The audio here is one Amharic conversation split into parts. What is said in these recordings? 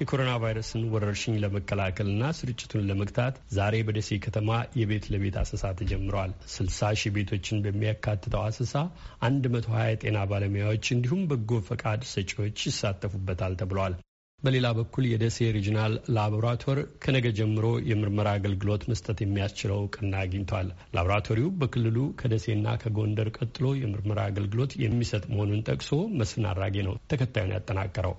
የኮሮና ቫይረስን ወረርሽኝ ለመከላከልና ስርጭቱን ለመግታት ዛሬ በደሴ ከተማ የቤት ለቤት አሰሳ ተጀምረዋል። 60 ሺህ ቤቶችን በሚያካትተው አሰሳ 120 የጤና ባለሙያዎች እንዲሁም በጎ ፈቃድ ሰጪዎች ይሳተፉበታል ተብሏል። በሌላ በኩል የደሴ ሪጅናል ላቦራቶሪ ከነገ ጀምሮ የምርመራ አገልግሎት መስጠት የሚያስችለው እውቅና አግኝቷል። ላቦራቶሪው በክልሉ ከደሴና ከጎንደር ቀጥሎ የምርመራ አገልግሎት የሚሰጥ መሆኑን ጠቅሶ መስፍን አራጌ ነው ተከታዩን ያጠናቀረው።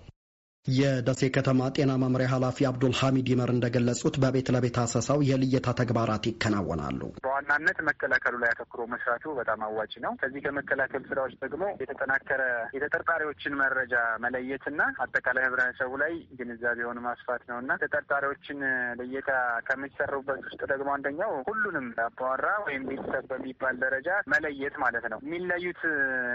የደሴ ከተማ ጤና መምሪያ ኃላፊ አብዱል ሐሚድ ይመር እንደገለጹት በቤት ለቤት አሰሳው የልየታ ተግባራት ይከናወናሉ። በዋናነት መከላከሉ ላይ አተኩሮ መስራቱ በጣም አዋጭ ነው። ከዚህ ከመከላከል ስራዎች ደግሞ የተጠናከረ የተጠርጣሪዎችን መረጃ መለየትና አጠቃላይ ህብረተሰቡ ላይ ግንዛቤውን ማስፋት ነው እና ተጠርጣሪዎችን ለየታ ከሚሰሩበት ውስጥ ደግሞ አንደኛው ሁሉንም አባወራ ወይም ቤተሰብ በሚባል ደረጃ መለየት ማለት ነው። የሚለዩት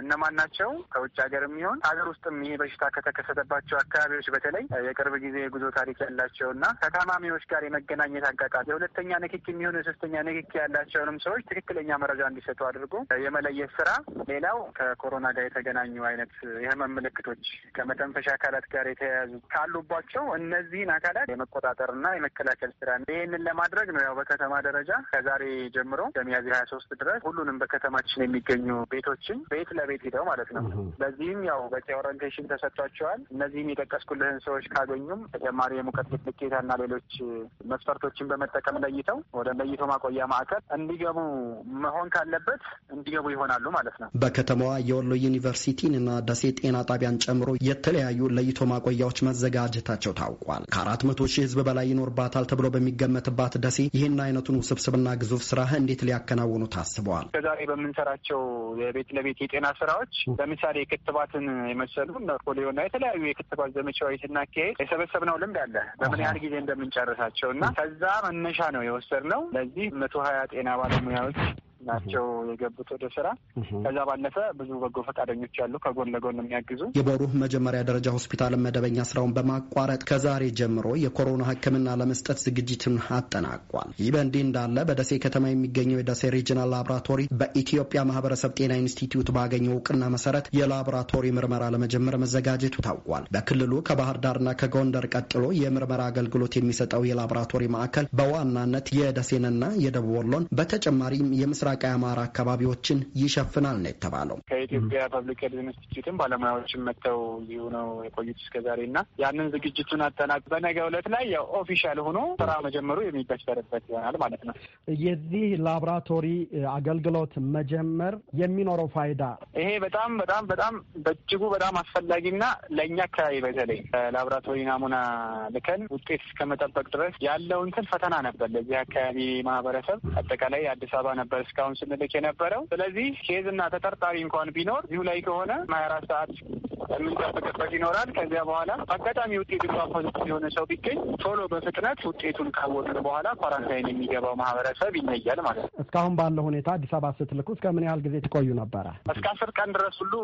እነማን ናቸው? ከውጭ ሀገር የሚሆን ሀገር ውስጥም ይሄ በሽታ ከተከሰተባቸው አካባቢዎች በተለይ የቅርብ ጊዜ የጉዞ ታሪክ ያላቸው እና ከታማሚዎች ጋር የመገናኘት አጋጣሚ የሁለተኛ ንክኪ የሚሆን የሶስተኛ ንክኪ ያላቸው ያላቸውንም ሰዎች ትክክለኛ መረጃ እንዲሰጡ አድርጎ የመለየት ስራ፣ ሌላው ከኮሮና ጋር የተገናኙ አይነት የህመም ምልክቶች ከመተንፈሻ አካላት ጋር የተያያዙ ካሉባቸው እነዚህን አካላት የመቆጣጠርና የመከላከል ስራ ይህንን ለማድረግ ነው። ያው በከተማ ደረጃ ከዛሬ ጀምሮ ከሚያዝያ ሀያ ሶስት ድረስ ሁሉንም በከተማችን የሚገኙ ቤቶችን ቤት ለቤት ሂደው ማለት ነው። በዚህም ያው በቂ ኦሪንቴሽን ተሰጥቷቸዋል። እነዚህም የጠቀስኩልህን ሰዎች ካገኙም ተጨማሪ የሙቀት ልኬታና ሌሎች መስፈርቶችን በመጠቀም ለይተው ወደ ለይቶ ማቆያ ማዕከል እንዲገቡ መሆን ካለበት እንዲገቡ ይሆናሉ ማለት ነው። በከተማዋ የወሎ ዩኒቨርሲቲን እና ደሴ ጤና ጣቢያን ጨምሮ የተለያዩ ለይቶ ማቆያዎች መዘጋጀታቸው ታውቋል። ከአራት መቶ ሺህ ህዝብ በላይ ይኖርባታል ተብሎ በሚገመትባት ደሴ ይህን አይነቱን ውስብስብና ግዙፍ ስራ እንዴት ሊያከናውኑ ታስበዋል? ከዛሬ በምንሰራቸው የቤት ለቤት የጤና ስራዎች ለምሳሌ ክትባትን የመሰሉ ፖሊዮና የተለያዩ የክትባት ዘመቻዎች ስናካሄድ የሰበሰብነው ልምድ አለ በምን ያህል ጊዜ እንደምንጨርሳቸው እና ከዛ መነሻ ነው የወሰድነው ለዚህ መቶ ሀያ ጤና ahora la primera vez? ናቸው የገቡት ወደ ስራ። ከዛ ባለፈ ብዙ በጎ ፈቃደኞች ያሉ ከጎን ለጎን የሚያግዙ የበሩህ መጀመሪያ ደረጃ ሆስፒታል መደበኛ ስራውን በማቋረጥ ከዛሬ ጀምሮ የኮሮና ሕክምና ለመስጠት ዝግጅትን አጠናቋል። ይህ በእንዲህ እንዳለ በደሴ ከተማ የሚገኘው የደሴ ሪጅናል ላቦራቶሪ በኢትዮጵያ ማህበረሰብ ጤና ኢንስቲትዩት ባገኘው እውቅና መሰረት የላቦራቶሪ ምርመራ ለመጀመር መዘጋጀቱ ታውቋል። በክልሉ ከባህር ዳርና ከጎንደር ቀጥሎ የምርመራ አገልግሎት የሚሰጠው የላቦራቶሪ ማዕከል በዋናነት የደሴንና የደቡብ ወሎን በተጨማሪም የምስራ ምስራቅ አማራ አካባቢዎችን ይሸፍናል ነው የተባለው። ከኢትዮጵያ ፐብሊክ ሄልዝ ኢንስቲትዩትም ባለሙያዎችን መጥተው እዚሁ ነው የቆዩት ዛሬ እና ያንን ዝግጅቱን አጠናቅ በነገ ዕለት ላይ ኦፊሻል ሆኖ ስራ መጀመሩ የሚበሰርበት ይሆናል ማለት ነው። የዚህ ላብራቶሪ አገልግሎት መጀመር የሚኖረው ፋይዳ ይሄ በጣም በጣም በጣም በእጅጉ በጣም አስፈላጊና ለእኛ አካባቢ በተለይ ላብራቶሪ ናሙና ልከን ውጤት እስከመጠበቅ ድረስ ያለው ፈተና ነበር ለዚህ አካባቢ ማህበረሰብ አጠቃላይ አዲስ አበባ ነበር እስከ እስካሁን ስንልክ የነበረው። ስለዚህ እና ተጠርጣሪ እንኳን ቢኖር እዚሁ ላይ ከሆነ ሀያ አራት ሰዓት የምንጠብቅበት ይኖራል። ከዚያ በኋላ አጋጣሚ ውጤቱ ፖዚቲቭ የሆነ ሰው ቢገኝ ቶሎ በፍጥነት ውጤቱን ካወቅን በኋላ ኳራንታይን የሚገባው ማህበረሰብ ይለያል ማለት ነው። እስካሁን ባለው ሁኔታ አዲስ አበባ ስትልኩ እስከ ምን ያህል ጊዜ ትቆዩ ነበረ? እስከ አስር ቀን ድረስ ሁሉ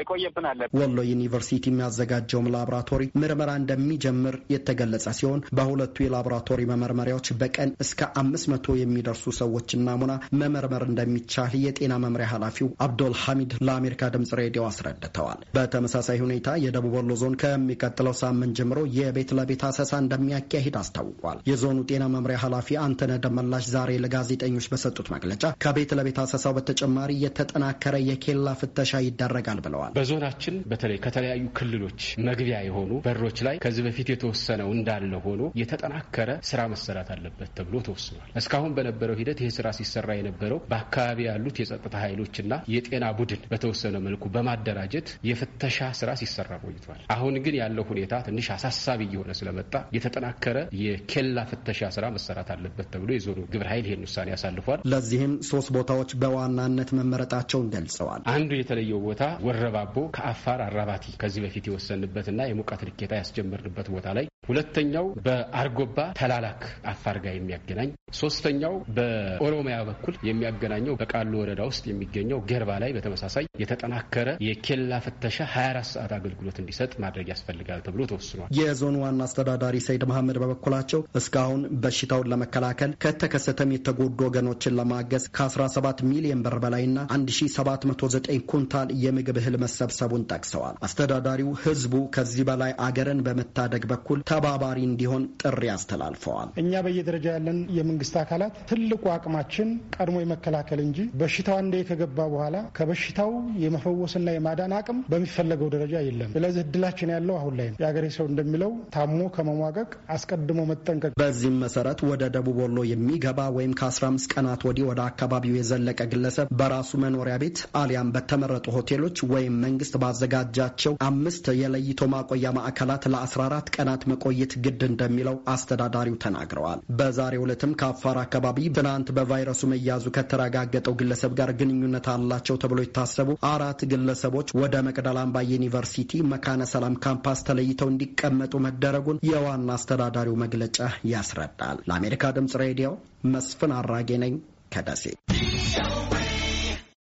የቆየብን አለ። ወሎ ዩኒቨርሲቲ የሚያዘጋጀውም ላቦራቶሪ ምርመራ እንደሚጀምር የተገለጸ ሲሆን በሁለቱ የላቦራቶሪ መመርመሪያዎች በቀን እስከ አምስት መቶ የሚደርሱ ሰዎች ናሙና መመርመር እንደሚቻል የጤና መምሪያ ኃላፊው አብዶል ሐሚድ ለአሜሪካ ድምጽ ሬዲዮ አስረድተዋል። በተመሳሳይ ሁኔታ የደቡብ ወሎ ዞን ከሚቀጥለው ሳምንት ጀምሮ የቤት ለቤት አሰሳ እንደሚያካሂድ አስታውቋል። የዞኑ ጤና መምሪያ ኃላፊ አንተነ ደመላሽ ዛሬ ለጋዜጠኞች በሰጡት መግለጫ ከቤት ለቤት አሰሳው በተጨማሪ የተጠናከረ የኬላ ፍተሻ ይደረጋል ብለዋል። በዞናችን በተለይ ከተለያዩ ክልሎች መግቢያ የሆኑ በሮች ላይ ከዚህ በፊት የተወሰነው እንዳለ ሆኖ የተጠናከረ ስራ መሰራት አለበት ተብሎ ተወስኗል። እስካሁን በነበረው ሂደት ይህ ስራ ሲሰራ የነበረው በአካባቢ ያሉት የጸጥታ ኃይሎችና የጤና ቡድን በተወሰነ መልኩ በማደራጀት የፍተሻ ስራ ሲሰራ ቆይቷል። አሁን ግን ያለው ሁኔታ ትንሽ አሳሳቢ እየሆነ ስለመጣ የተጠናከረ የኬላ ፍተሻ ስራ መሰራት አለበት ተብሎ የዞኑ ግብረ ኃይል ይህን ውሳኔ ያሳልፏል። ለዚህም ሶስት ቦታዎች በዋናነት መመረጣቸውን ገልጸዋል። አንዱ የተለየው ቦታ ወረባቦ ከአፋር አራባቲ ከዚህ በፊት የወሰንበትና የሙቀት ልኬታ ያስጀመርንበት ቦታ ላይ ሁለተኛው በአርጎባ ተላላክ አፋር ጋር የሚያገናኝ ሶስተኛው በኦሮሚያ በኩል የሚያገናኘው በቃሉ ወረዳ ውስጥ የሚገኘው ገርባ ላይ በተመሳሳይ የተጠናከረ የኬላ ፍተሻ 24 ሰዓት አገልግሎት እንዲሰጥ ማድረግ ያስፈልጋል ተብሎ ተወስኗል። የዞኑ ዋና አስተዳዳሪ ሰይድ መሐመድ በበኩላቸው እስካሁን በሽታውን ለመከላከል ከተከሰተም የተጎዱ ወገኖችን ለማገዝ ከ17 ሚሊዮን ብር በላይና 1709 ኩንታል የምግብ እህል መሰብሰቡን ጠቅሰዋል። አስተዳዳሪው ህዝቡ ከዚህ በላይ አገርን በመታደግ በኩል ተባባሪ እንዲሆን ጥሪ አስተላልፈዋል። እኛ በየደረጃ ያለን የመንግስት አካላት ትልቁ አቅማችን ቀድሞ የመከላከል እንጂ በሽታው አንዴ ከገባ በኋላ ከበሽታው የመፈወስና የማዳን አቅም በሚፈለገው ደረጃ የለም። ስለዚህ እድላችን ያለው አሁን ላይ ነው። የአገሬ ሰው እንደሚለው ታሞ ከመሟቀቅ አስቀድሞ መጠንቀቅ። በዚህም መሰረት ወደ ደቡብ ወሎ የሚገባ ወይም ከ15 ቀናት ወዲህ ወደ አካባቢው የዘለቀ ግለሰብ በራሱ መኖሪያ ቤት አሊያም በተመረጡ ሆቴሎች ወይም መንግስት ባዘጋጃቸው አምስት የለይቶ ማቆያ ማዕከላት ለ14 ቀናት መቆየት ግድ እንደሚለው አስተዳዳሪው ተናግረዋል። በዛሬው ዕለትም ከአፋር አካባቢ ትናንት በቫይረሱ መያዙ ከተረጋገጠው ግለሰብ ጋር ግንኙነት አላቸው ተብሎ የታሰቡ አራት ግለሰቦች ወደ መቅደላ አምባ ዩኒቨርሲቲ መካነ ሰላም ካምፓስ ተለይተው እንዲቀመጡ መደረጉን የዋና አስተዳዳሪው መግለጫ ያስረዳል። ለአሜሪካ ድምጽ ሬዲዮ መስፍን አራጌ ነኝ ከደሴ።